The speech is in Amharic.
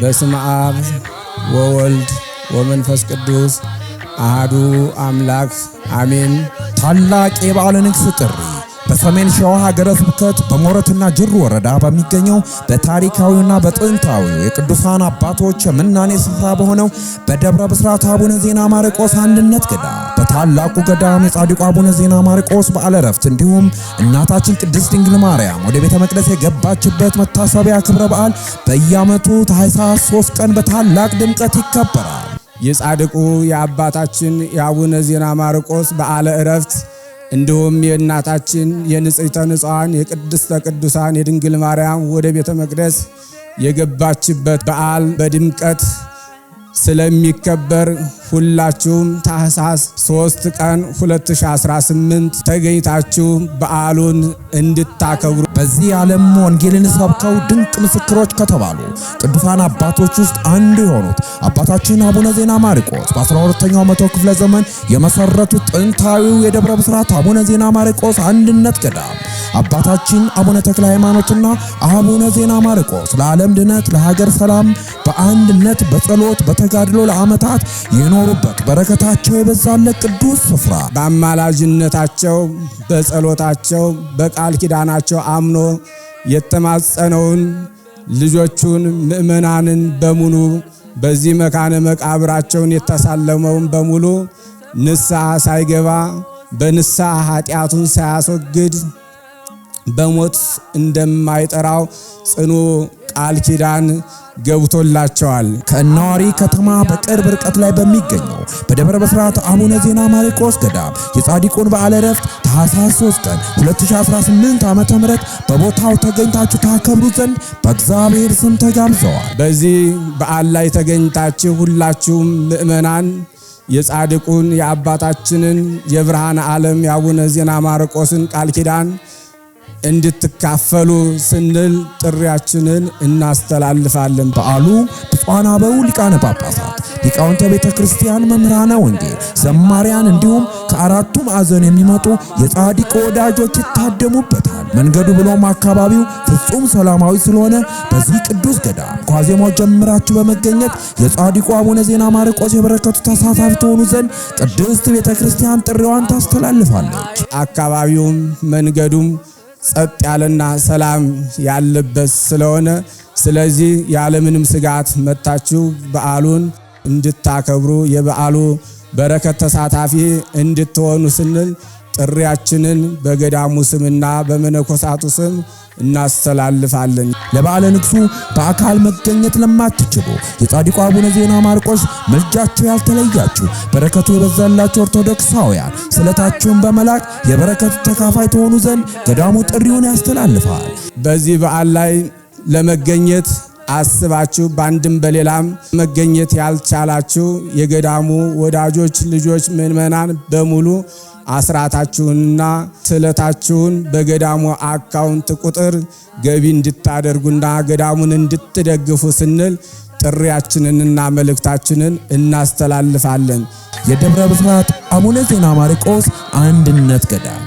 በስም አብ ወወልድ ወመንፈስ ቅዱስ አህዱ አምላክ አሜን። ታላቅ የበዓለ ንግሥ ጥሪ በሰሜን ሸዋ ሀገረ ስብከት በሞረትና ጅሩ ወረዳ በሚገኘው በታሪካዊና በጥንታዊው የቅዱሳን አባቶች የምናኔ ስፍራ በሆነው በደብረ ብስራት አቡነ ዜና ማርቆስ አንድነት ገዳም በታላቁ ገዳም የጻድቁ አቡነ ዜና ማርቆስ በዓለ ዕረፍት እንዲሁም እናታችን ቅድስት ድንግል ማርያም ወደ ቤተ መቅደስ የገባችበት መታሰቢያ ክብረ በዓል በየዓመቱ ታኅሳስ ሶስት ቀን በታላቅ ድምቀት ይከበራል። የጻድቁ የአባታችን የአቡነ ዜና ማርቆስ በዓለ እረፍት እንዲሁም የእናታችን የንጽሕተ ንጹሐን የቅድስተ ቅዱሳን የድንግል ማርያም ወደ ቤተ መቅደስ የገባችበት በዓል በድምቀት ስለሚከበር ሁላችሁም ታህሳስ 3 ቀን 2018 ተገኝታችሁ በዓሉን እንድታከብሩ በዚህ ዓለም ወንጌልን ሰብከው ድንቅ ምስክሮች ከተባሉ ቅዱሳን አባቶች ውስጥ አንዱ የሆኑት አባታችን አቡነ ዜና ማርቆስ በ12ኛው መቶ ክፍለ ዘመን የመሰረቱት ጥንታዊው የደብረ ብስራት አቡነ ዜና ማርቆስ አንድነት ገዳም አባታችን አቡነ ተክለ ሃይማኖትና አቡነ ዜና ማርቆስ ለዓለም ድነት ለሀገር ሰላም በአንድነት በጸሎት በተጋድሎ ለዓመታት የኖሩበት በረከታቸው የበዛለት ቅዱስ ስፍራ በአማላጅነታቸው በጸሎታቸው በቃል ኪዳናቸው አምኖ የተማጸነውን ልጆቹን ምእመናንን በሙሉ በዚህ መካነ መቃብራቸውን የተሳለመውን በሙሉ ንስሐ ሳይገባ በንስሐ ኃጢአቱን ሳያስወግድ በሞት እንደማይጠራው ጽኑ ቃል ኪዳን ገብቶላቸዋል። ከነዋሪ ከተማ በቅርብ ርቀት ላይ በሚገኘው በደብረ ብስራት አቡነ ዜና ማርቆስ ገዳም የጻድቁን በዓለ ዕረፍት ታኅሳስ 3 ቀን 2018 ዓ.ም በቦታው ተገኝታችሁ ታከብሩ ዘንድ በእግዚአብሔር ስም ተጋብዘዋል። በዚህ በዓል ላይ ተገኝታችሁ ሁላችሁም ምእመናን የጻድቁን የአባታችንን የብርሃነ ዓለም የአቡነ ዜና ማርቆስን ቃል ኪዳን እንድትካፈሉ ስንል ጥሪያችንን እናስተላልፋለን። በዓሉ ብፁዓን አበው ሊቃነ ጳጳሳት፣ ሊቃውንተ ቤተ ክርስቲያን፣ መምህራነ ወንጌል፣ ዘማሪያን እንዲሁም ከአራቱ ማዕዘን የሚመጡ የጻድቅ ወዳጆች ይታደሙበታል። መንገዱ ብሎም አካባቢው ፍጹም ሰላማዊ ስለሆነ በዚህ ቅዱስ ገዳም ከዋዜማው ጀምራችሁ በመገኘት የጻድቁ አቡነ ዜና ማርቆስ የበረከቱ ተሳታፊ ትሆኑ ዘንድ ቅድስት ቤተ ክርስቲያን ጥሪዋን ታስተላልፋለች። አካባቢውም መንገዱም ጸጥ ያለና ሰላም ያለበት ስለሆነ ስለዚህ ያለምንም ስጋት መጥታችሁ በዓሉን እንድታከብሩ የበዓሉ በረከት ተሳታፊ እንድትሆኑ ስንል ጥሪያችንን በገዳሙ ስምና በመነኮሳቱ ስም እናስተላልፋለን። ለበዓለ ንግሡ በአካል መገኘት ለማትችሉ የጻድቁ አቡነ ዜና ማርቆስ ምልጃችሁ ያልተለያችሁ በረከቱ የበዛላችሁ ኦርቶዶክሳውያን ስለታችሁን በመላክ የበረከቱ ተካፋይ ተሆኑ ዘንድ ገዳሙ ጥሪውን ያስተላልፋል። በዚህ በዓል ላይ ለመገኘት አስባችሁ በአንድም በሌላም መገኘት ያልቻላችሁ የገዳሙ ወዳጆች፣ ልጆች፣ ምዕመናን በሙሉ አስራታችሁንና ስዕለታችሁን በገዳሙ አካውንት ቁጥር ገቢ እንድታደርጉና ገዳሙን እንድትደግፉ ስንል ጥሪያችንንና መልእክታችንን እናስተላልፋለን። የደብረ ብስራት አቡነ ዜና ማርቆስ አንድነት ገዳም